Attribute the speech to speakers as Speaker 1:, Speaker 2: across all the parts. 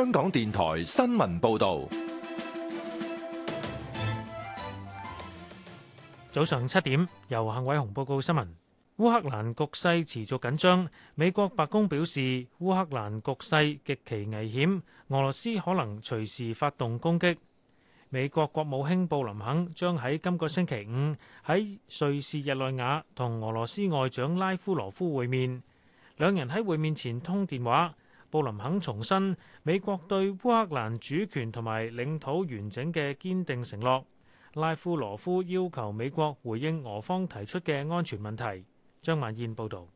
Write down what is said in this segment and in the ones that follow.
Speaker 1: 香港電台新聞報道，
Speaker 2: 早上七點，由幸偉雄報告新聞。烏克蘭局勢持續緊張，美國白宮表示烏克蘭局勢極其危險，俄羅斯可能隨時發動攻擊。美國國務卿布林肯將喺今個星期五，喺瑞士日內瓦同俄羅斯外長拉夫羅夫會面，兩人喺會面前通電話。布林肯重申美國對烏克蘭主權同埋領土完整嘅堅定承諾，拉夫羅夫要求美國回應俄方提出嘅安全問題，張曼燕報道。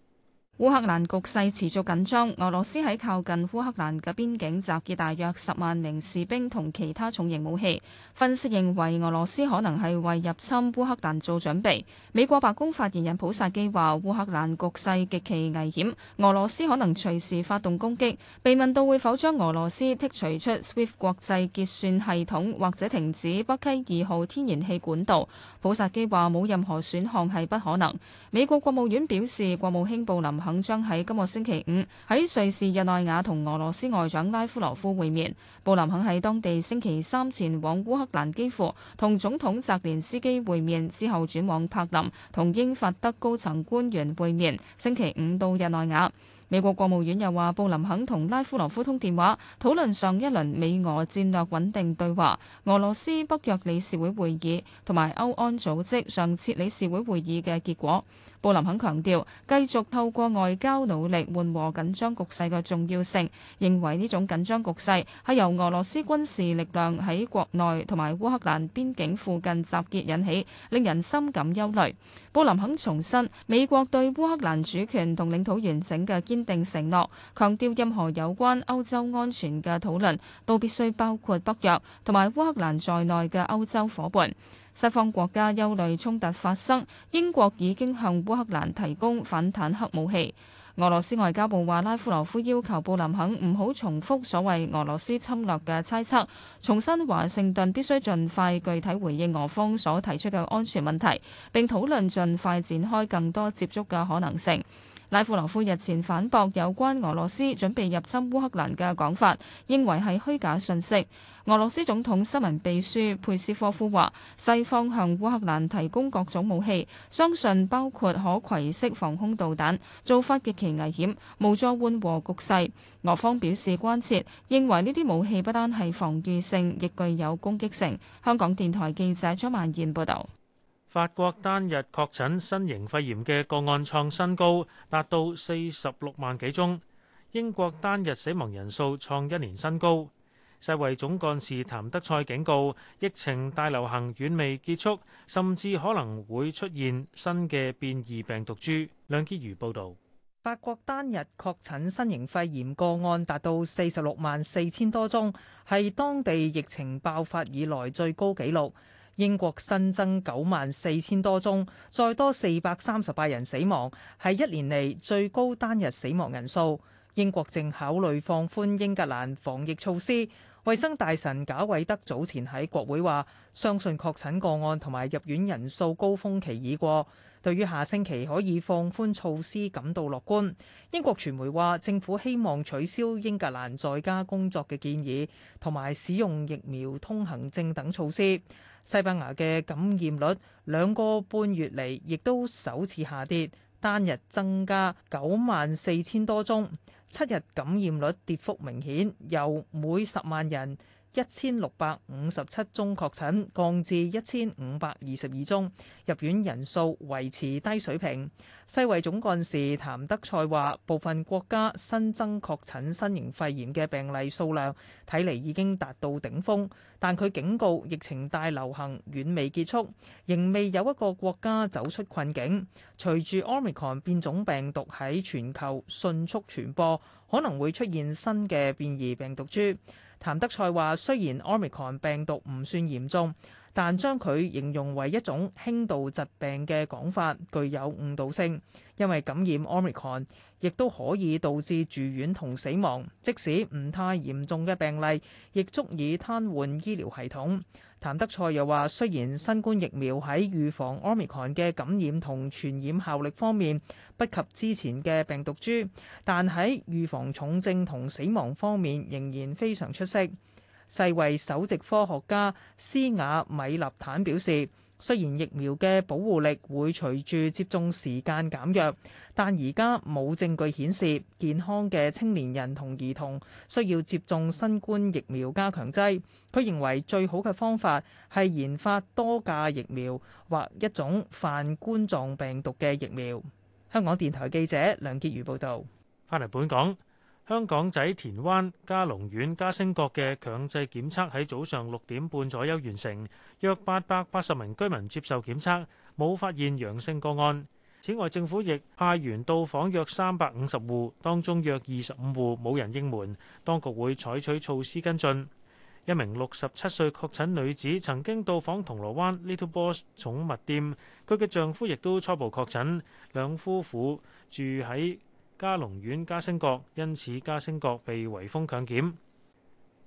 Speaker 3: 烏克蘭局勢持續緊張，俄羅斯喺靠近烏克蘭嘅邊境集結大約十萬名士兵同其他重型武器。分析認為俄羅斯可能係為入侵烏克蘭做準備。美國白宮發言人普薩基話：烏克蘭局勢極其危險，俄羅斯可能隨時發動攻擊。被問到會否將俄羅斯剔除出 SWIFT 國際結算系統或者停止北溪二號天然氣管道，普薩基話冇任何選項係不可能。美國國務院表示，國務卿布林肯。將喺今個星期五喺瑞士日內瓦同俄羅斯外長拉夫羅夫會面。布林肯喺當地星期三前往烏克蘭基輔，同總統澤連斯基會面，之後轉往柏林同英法德高層官員會面，星期五到日內瓦。美國國務院又話，布林肯同拉夫羅夫通電話，討論上一輪美俄戰略穩定對話、俄羅斯北約理事會會議同埋歐安組織上次理事會會議嘅結果。布林肯強調，繼續透過外交努力緩和緊張局勢嘅重要性，認為呢種緊張局勢係由俄羅斯軍事力量喺國內同埋烏克蘭邊境附近集結引起，令人深感憂慮。布林肯重申，美國對烏克蘭主權同領土完整嘅堅定承諾，強調任何有關歐洲安全嘅討論都必須包括北約同埋烏克蘭在內嘅歐洲伙伴。西方國家憂慮衝突發生，英國已經向烏克蘭提供反坦克武器。俄羅斯外交部話，拉夫羅夫要求布林肯唔好重複所謂俄羅斯侵略嘅猜測，重申華盛頓必須盡快具體回應俄方所提出嘅安全問題，並討論盡快展開更多接觸嘅可能性。拉夫羅夫日前反駁有關俄羅斯準備入侵烏克蘭嘅講法，認為係虛假信息。俄羅斯總統新聞秘書佩斯科夫話：西方向烏克蘭提供各種武器，相信包括可攜式防空導彈，做法極其危險，無助緩和局勢。俄方表示關切，認為呢啲武器不單係防禦性，亦具有攻擊性。香港電台記者張曼燕報導。
Speaker 2: 法國單日確診新型肺炎嘅個案創新高，達到四十六萬幾宗。英國單日死亡人數創一年新高。世衛總幹事譚德塞警告，疫情大流行遠未結束，甚至可能會出現新嘅變異病毒株。梁潔如報導，
Speaker 1: 法國單日確診新型肺炎個案達到四十六萬四千多宗，係當地疫情爆發以來最高紀錄。英國新增九萬四千多宗，再多四百三十八人死亡，係一年嚟最高單日死亡人數。英國正考慮放寬英格蘭防疫措施。衛生大臣賈偉德早前喺國會話，相信確診個案同埋入院人數高峰期已過，對於下星期可以放寬措施感到樂觀。英國傳媒話，政府希望取消英格蘭在家工作嘅建議，同埋使用疫苗通行證等措施。西班牙嘅感染率兩個半月嚟，亦都首次下跌。單日增加九萬四千多宗，七日感染率跌幅明顯，由每十萬人一千六百五十七宗確診降至一千五百二十二宗，入院人數維持低水平。世衛總幹事譚德塞話：部分國家新增確診新型肺炎嘅病例數量，睇嚟已經達到頂峰，但佢警告疫情大流行遠未結束，仍未有一個國家走出困境。隨住奧密克戎變種病毒喺全球迅速傳播，可能會出現新嘅變異病毒株。譚德塞話：雖然 Omicron 病毒唔算嚴重，但將佢形容為一種輕度疾病嘅講法，具有誤導性，因為感染 Omicron，亦都可以導致住院同死亡，即使唔太嚴重嘅病例，亦足以癱瘓醫療系統。譚德塞又話：雖然新冠疫苗喺預防 Omicron 嘅感染同傳染效力方面不及之前嘅病毒株，但喺預防重症同死亡方面仍然非常出色。世衛首席科學家斯瓦米納坦表示，雖然疫苗嘅保護力會隨住接種時間減弱，但而家冇證據顯示健康嘅青年人同兒童需要接種新冠疫苗加強劑。佢認為最好嘅方法係研發多價疫苗或一種泛冠狀病毒嘅疫苗。香港電台記者梁潔如報導。翻嚟本港。
Speaker 2: 香港仔田灣、嘉龍苑、嘉星閣嘅強制檢測喺早上六點半左右完成，約八百八十名居民接受檢測，冇發現陽性個案。此外，政府亦派員到訪約三百五十戶，當中約二十五戶冇人應門，當局會採取措施跟進。一名六十七歲確診女子曾經到訪銅鑼灣 Little Boss 寵物店，佢嘅丈夫亦都初步確診，兩夫婦住喺。加隆苑、加升閣，因此加升閣被圍封強檢。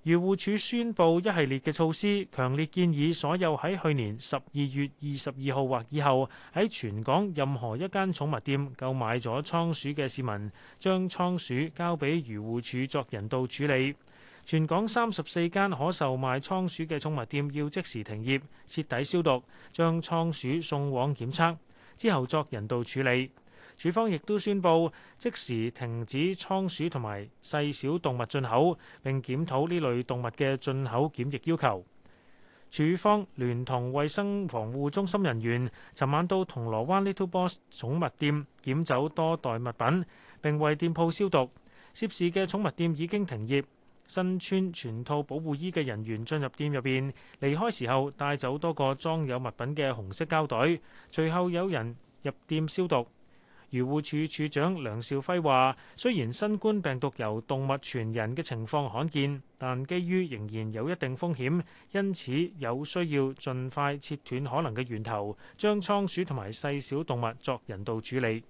Speaker 2: 漁護署宣布一系列嘅措施，強烈建議所有喺去年十二月二十二號或以後喺全港任何一間寵物店購買咗倉鼠嘅市民，將倉鼠交俾漁護署作人道處理。全港三十四間可售賣倉鼠嘅寵物店要即時停業、徹底消毒，將倉鼠送往檢測，之後作人道處理。處方亦都宣布即時停止倉鼠同埋細小動物進口，並檢討呢類動物嘅進口檢疫要求。處方聯同衛生防護中心人員，尋晚到銅鑼灣 Little Boss 寵物店，檢走多袋物品，並為店鋪消毒。涉事嘅寵物店已經停業。身穿全套保護衣嘅人員進入店入邊，離開時候帶走多個裝有物品嘅紅色膠袋。隨後有人入店消毒。漁護署署長梁兆輝話：雖然新冠病毒由動物傳人嘅情況罕見，但基於仍然有一定風險，因此有需要盡快切斷可能嘅源頭，將倉鼠同埋細小動物作人道處理。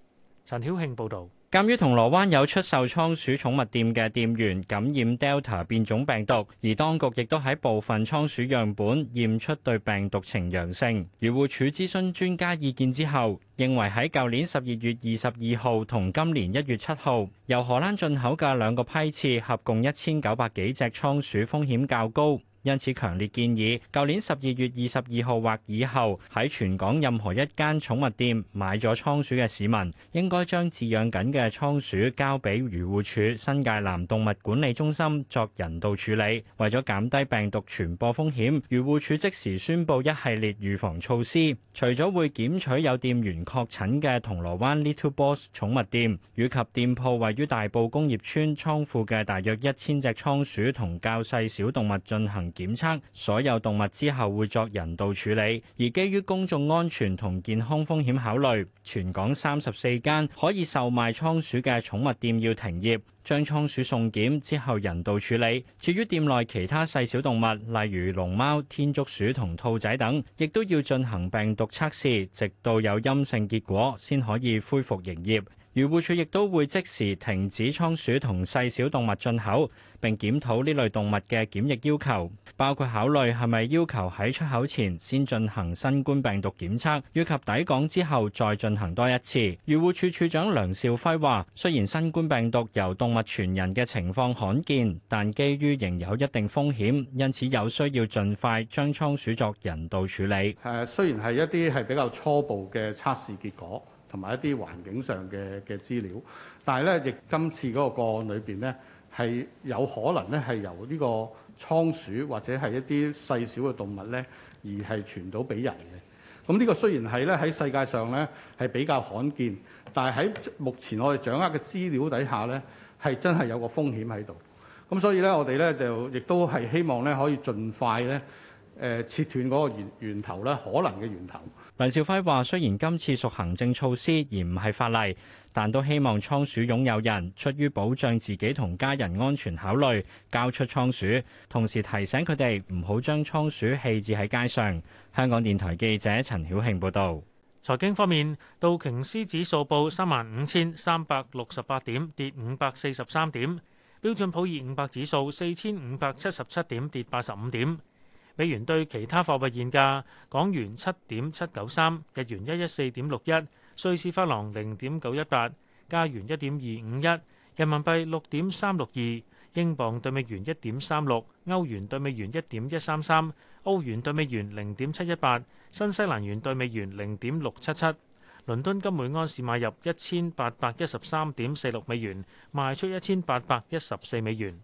Speaker 2: 陳曉慶報導。
Speaker 4: 鑒於銅鑼灣有出售倉鼠寵物店嘅店員感染 Delta 變種病毒，而當局亦都喺部分倉鼠樣本驗出對病毒呈陽性。漁護署諮詢專家意見之後，認為喺舊年十二月二十二號同今年一月七號由荷蘭進口嘅兩個批次合共一千九百幾隻倉鼠風險較高。因此，強烈建議，舊年十二月二十二號或以後喺全港任何一間寵物店買咗倉鼠嘅市民，應該將飼養緊嘅倉鼠交俾漁護署新界南動物管理中心作人道處理。為咗減低病毒傳播風險，漁護署即時宣布一系列預防措施，除咗會檢取有店員確診嘅銅鑼灣 Little Boss 寵物店以及店鋪位於大埔工業村倉庫嘅大約一千隻倉鼠同較細小，小動物進行。檢測所有動物之後會作人道處理，而基於公眾安全同健康風險考慮，全港三十四間可以售賣倉鼠嘅寵物店要停業，將倉鼠送檢之後人道處理。至於店內其他細小動物，例如龍貓、天竺鼠同兔仔等，亦都要進行病毒測試，直到有陰性結果先可以恢復營業。漁護署亦都會即時停止倉鼠同細小，小動物進口，並檢討呢類動物嘅檢疫要求，包括考慮係咪要求喺出口前先進行新冠病毒檢測，以及抵港之後再進行多一次。漁護署署長梁肇輝話，雖然新冠病毒由動物傳人嘅情況罕見，但基於仍有一定風險，因此有需要盡快將倉鼠作人道處理。誒，雖然係一啲係比較初步嘅測試結果。同埋一啲環境上嘅嘅資料，但係咧，亦今次嗰個個案裏邊咧，係有可能咧係由呢個倉鼠或者係一啲細小嘅動物咧，而係傳到畀人嘅。咁呢個雖然係咧喺世界上咧係比較罕見，但係喺目前我哋掌握嘅資料底下咧，係真係有個風險喺度。咁所以咧，我哋咧就亦都係希望咧可以盡快咧。誒切斷嗰個源源頭咧，可能嘅源頭。林兆輝話：雖然今次屬行政措施而唔係法例，但都希望倉鼠擁有人出於保障自己同家人安全考慮，交出倉鼠。同時提醒佢哋唔好將倉鼠棄置喺街上。香港電台記者陳曉慶報道。財經方面，
Speaker 2: 道瓊斯指數報三萬五千三百六十八點，跌五百四十三點；標準普爾五百指數四千五百七十七點，跌八十五點。美元兌其他貨幣現價：港元七點七九三，日元一一四點六一，瑞士法郎零點九一八，加元一點二五一，人民幣六點三六二，英鎊對美元一點三六，歐元對美元一點一三三，歐元對美元零點七一八，新西蘭元對美元零點六七七。倫敦金每安士買入一千八百一十三點四六美元，賣出一千八百一十四美元。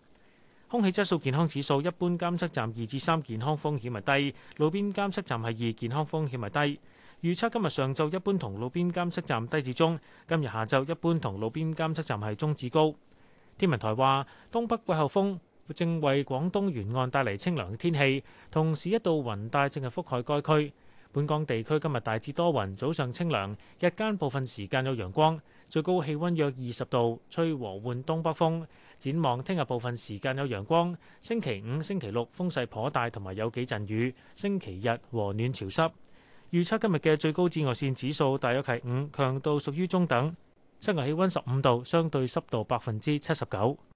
Speaker 2: 空氣質素健康指數一般監測站二至三健康風險係低，路邊監測站係二健康風險係低。預測今日上晝一般同路邊監測站低至中，今日下晝一般同路邊監測站係中至高。天文台話，東北季候風正為廣東沿岸帶嚟清涼天氣，同時一道雲帶正係覆蓋該區。本港地區今日大致多雲，早上清涼，日間部分時間有陽光，最高氣温約二十度，吹和緩東北風。展望聽日部分時間有陽光，星期五、星期六風勢頗大，同埋有幾陣雨。星期日和暖潮濕。預測今日嘅最高紫外線指數大約係五，強度屬於中等。室外氣溫十五度，相對濕度百分之七十九。